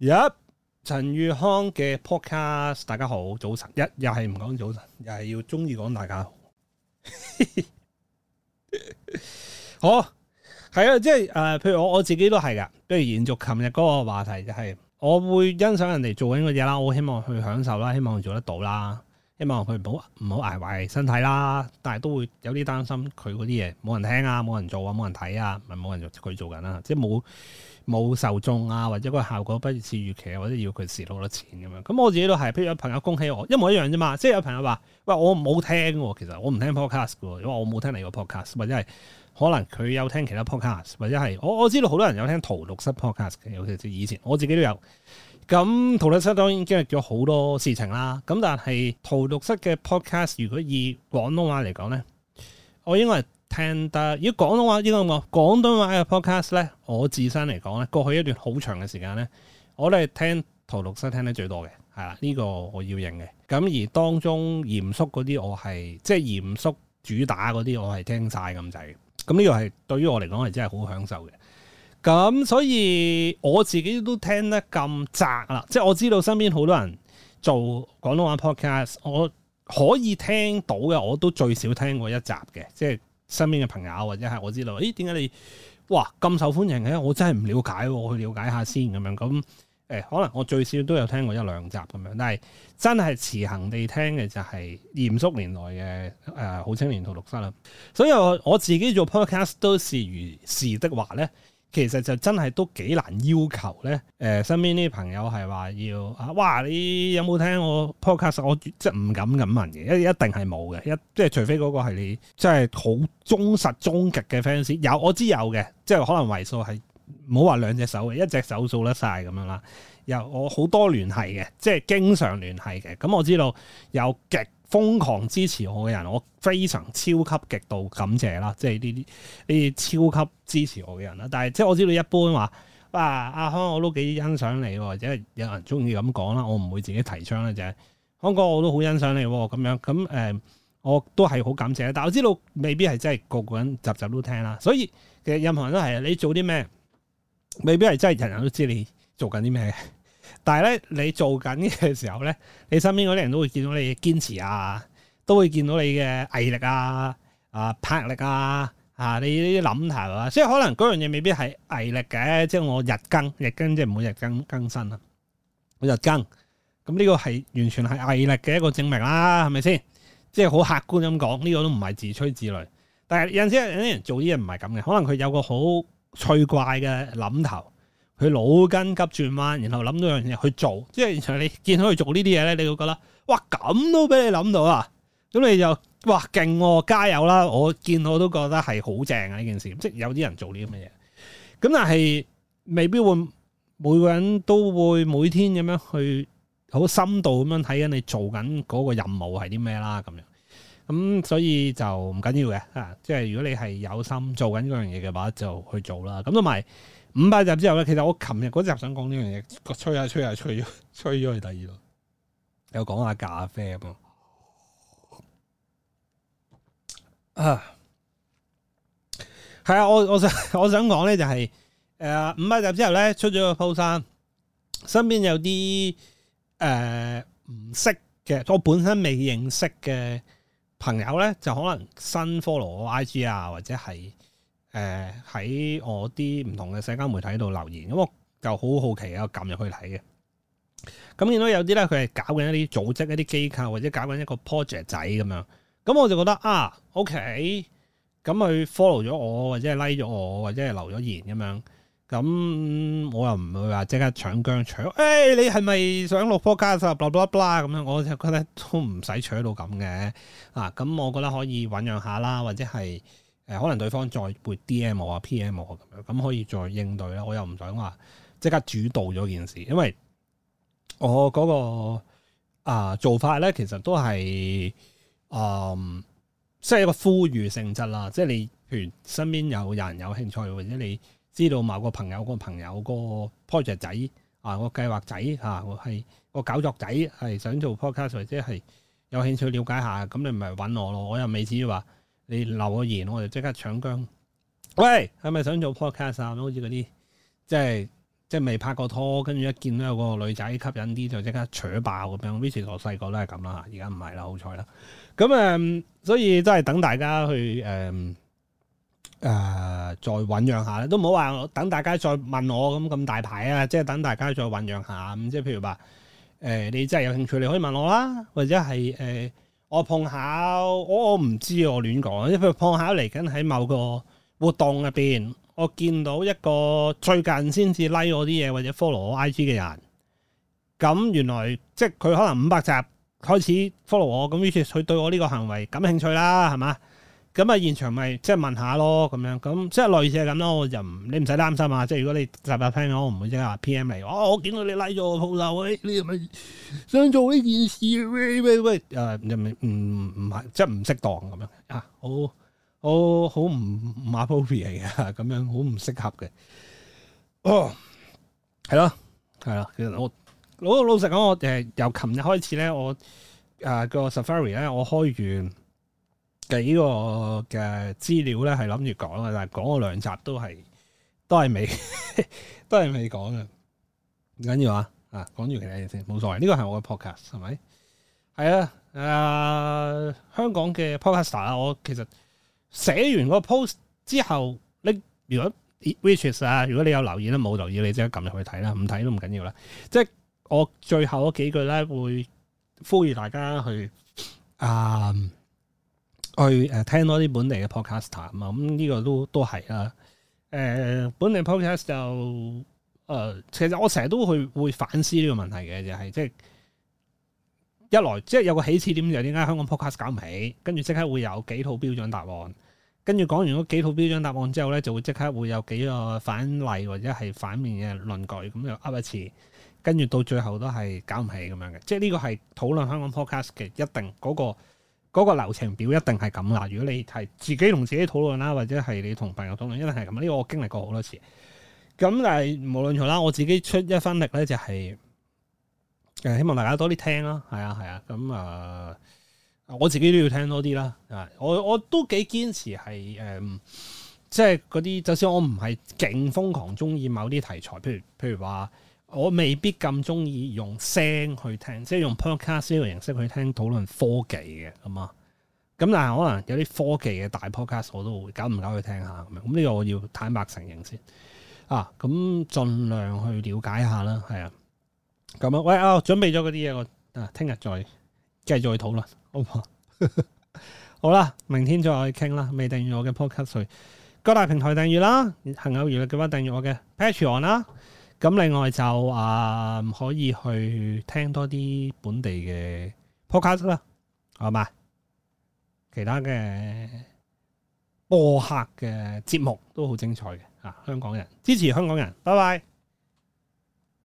一陳宇康嘅 podcast，大家好，早晨一又係唔講早晨，又係要中意講大家好，係 啊，即係誒、呃，譬如我我自己都係噶，譬如延續琴日嗰個話題，就係、是、我會欣賞人哋做緊嘅嘢啦，我希望去享受啦，希望佢做得到啦，希望佢唔好唔好挨壞身體啦，但係都會有啲擔心佢嗰啲嘢，冇人聽啊，冇人做啊，冇人睇啊，係冇人做佢做緊啦，即係冇。冇受眾啊，或者個效果不如似預期，或者要佢蝕好多錢咁樣。咁我自己都係，譬如有朋友恭喜我，一模一樣啫嘛。即係有朋友話，喂，我冇聽喎，其實我唔聽 podcast 嘅，因為我冇聽你個 podcast，或者係可能佢有聽其他 podcast，或者係我我知道好多人有聽陶六室 podcast 嘅，尤其是以前我自己都有。咁陶六室當然經歷咗好多事情啦。咁但係陶六室嘅 podcast 如果以廣東話嚟講咧，我應該係。聽得如果廣東話應該咁講，廣東話嘅 podcast 咧，我自身嚟講咧，過去一段好長嘅時間咧，我都係聽陶六生聽得最多嘅，係啦，呢個我要認嘅。咁而當中嚴肅嗰啲，我係即係嚴肅主打嗰啲，我係聽晒咁滯。咁呢個係對於我嚟講係真係好享受嘅。咁所以我自己都聽得咁窄啦，即係我知道身邊好多人做廣東話 podcast，我可以聽到嘅我都最少聽過一集嘅，即係。身邊嘅朋友或者係我知道，咦點解你哇咁受歡迎嘅？我真係唔了解，我去了解下先咁樣。咁誒、欸，可能我最少都有聽過一兩集咁樣，但係真係持恆地聽嘅就係嚴肅年代嘅誒好青年荼毒室啦。所以我我自己做 podcast 都是如是的話咧。其實就真係都幾難要求咧，誒、呃、身邊啲朋友係話要啊，哇！你有冇聽我 podcast？我即係唔敢咁問嘅，一一定係冇嘅，一即係除非嗰個係你即係好忠實忠極嘅 fans，有我知有嘅，即係可能為數係唔好話兩隻手，一隻手數得晒咁樣啦。有我好多聯繫嘅，即係經常聯繫嘅。咁我知道有極瘋狂支持我嘅人，我非常超級極度感謝啦。即呢啲呢啲超級支持我嘅人啦。但係即係我知道一般話，啊阿康我都幾欣賞你，或者係有人中意咁講啦，我唔會自己提倡啦，就係康哥我都好欣賞你咁樣咁誒、呃，我都係好感謝。但係我知道未必係真係個個人集集都聽啦。所以其實任何人都係你做啲咩，未必係真係人人都知你做緊啲咩。但係咧，你做緊嘅時候咧，你身邊嗰啲人都會見到你嘅堅持啊，都會見到你嘅毅力啊，啊魄力啊，你呢啲諗頭啊，即係可能嗰樣嘢未必係毅力嘅，即係我日更日更即係每日更更新啊，我日更，咁呢個係完全係毅力嘅一個證明啦，係咪先？即係好客觀咁講，呢個都唔係自吹自擂。但係有陣時有啲人做啲嘢唔係咁嘅，可能佢有個好趣怪嘅諗頭。佢腦筋急轉彎，然後諗到樣嘢去做，即係其實你見到佢做呢啲嘢咧，你會覺得哇，咁都俾你諗到啊！咁你就哇勁喎，加油啦！我見到我都覺得係好正啊呢件事，即係有啲人做呢啲咁嘅嘢。咁但係未必會每個人都會每天咁樣去好深度咁樣睇緊你做緊嗰個任務係啲咩啦咁樣。咁所以就唔緊要嘅啊！即係如果你係有心做緊嗰樣嘢嘅話，就去做啦。咁同埋。五百集之後咧，其實我琴日嗰集想講呢樣嘢，吹下吹下吹，吹，吹，吹，吹咗去第二度，又講下咖啡咁啊。係啊，我我，我想我想講咧就係、是，誒、呃，五百集之後咧出咗個 post，身邊有啲誒唔識嘅，我本身未認識嘅朋友咧，就可能新 follow 我 IG 啊，或者係。誒，喺、呃、我啲唔同嘅社交媒體度留言，咁、嗯、我就好好奇啊，我撳入去睇嘅。咁、嗯、見到有啲咧，佢係搞緊一啲組織、一啲機構，或者搞緊一個 project 仔咁樣。咁我就覺得啊，OK，咁佢 follow 咗我，或者係拉咗我，或者係留咗言咁樣。咁我又唔會話即刻搶薑搶，誒，你係咪想落科加十？blah blah blah 咁樣，我就覺得都唔使搶到咁嘅啊。咁我覺得可以醞釀下啦，或者係。誒，可能對方再會 D.M 啊 P.M 啊咁樣，咁可以再應對啦。我又唔想話即刻主導咗件事，因為我嗰、嗰個啊、呃、做法咧，其實都係誒，即、呃、係、就是、一個呼籲性質啦。即係你譬如身邊有人有興趣，或者你知道某個朋友個朋友個 project 仔啊，個、呃、計劃仔嚇，係、啊、個搞作仔係想做 podcast 或者係有興趣了解下，咁你咪揾我咯。我又未至於話。你留個言，我就即刻搶姜。喂，係咪想做 podcast 啊？好似嗰啲即係即係未拍過拖，跟住一見到有個女仔吸引啲，就即刻扯爆咁樣。以前 我細個都係咁啦，而家唔係啦，好彩啦。咁誒，所以都係等大家去誒誒、呃呃、再醖釀下咧，都唔好話等大家再問我咁咁大牌啊！即係等大家再醖釀下咁，即係譬如話誒、呃，你真係有興趣，你可以問我啦，或者係誒。呃我碰巧，我我唔知我亂講，因為碰巧嚟緊喺某個活動入邊，我見到一個最近先至 like 我啲嘢或者 follow 我 IG 嘅人，咁原來即係佢可能五百集開始 follow 我，咁於是佢對我呢個行為感興趣啦，係嘛？咁啊，現場咪即係問下咯，咁樣咁即係類似係咁咯。我就唔你唔使擔心啊，即係如果你集集聽我，我唔會即刻話 PM 嚟。我、哦、我見到你拉咗我鋪頭、哎，你你係咪想做呢件事喂，喂，喂，誒、呃，唔唔唔即係唔適當咁樣啊！好，我好唔 appropriate 嘅，咁、啊、樣好唔適合嘅。哦、啊，係咯，係咯。其實我老老實講，我誒、呃、由琴日開始咧，我誒、呃、個 Safari 咧，我開完。幾個嘅資料咧係諗住講嘅，但係講個兩集都係都係未，都係未講嘅。唔緊要啊，啊，講住其他嘢先，冇所謂。呢個係我嘅 podcast 係咪？係啊，誒、呃，香港嘅 podcast 啊。我其實寫完個 post 之後，你如果 reaches 啊，is, 如果你有留意咧，冇留意你即刻撳入去睇啦，唔睇都唔緊要啦。即係我最後嗰幾句咧，會呼籲大家去啊。Um, 去誒、嗯、聽多啲本地嘅 podcast 啊、嗯、咁呢、這個都都係啦。誒、呃、本地 podcast 就誒、呃，其實我成日都去會，會反思呢個問題嘅，就係即係一來即係、就是、有個起始點就點解香港 podcast 搞唔起，跟住即刻會有幾套標準答案，跟住講完嗰幾套標準答案之後咧，就會即刻會有幾個反例或者係反面嘅論據咁就噏一次，跟住到最後都係搞唔起咁樣嘅，即係呢個係討論香港 podcast 嘅一定嗰、那個。嗰個流程表一定係咁啦，如果你係自己同自己討論啦，或者係你同朋友討論，因為係咁。呢個我經歷過好多次。咁但係無論如何啦，我自己出一分力咧，就係誒希望大家多啲聽啦。係啊，係啊。咁、嗯、啊、呃，我自己都要聽多啲啦。啊，我我都幾堅持係誒，即係嗰啲，就算我唔係勁瘋狂鍾意某啲題材，譬如譬如話。我未必咁中意用聲去聽，即係用 podcast 呢個形式去聽討論科技嘅。咁啊，咁但係可能有啲科技嘅大 podcast 我都會搞唔搞去聽下咁樣，咁呢個我要坦白承認先啊，咁盡量去了解下啦，係啊，咁樣，喂啊、哦，準備咗嗰啲嘢，我聽日、啊、再繼續討論，好嘛？ 好啦，明天再去傾啦，未訂閱我嘅 podcast，各大平台訂閱啦，恒歐娛樂嘅話訂閱我嘅 patreon 啦。咁另外就誒、嗯、可以去聽多啲本地嘅 podcast 啦，係咪？其他嘅播客嘅節目都好精彩嘅嚇、啊，香港人支持香港人，拜拜。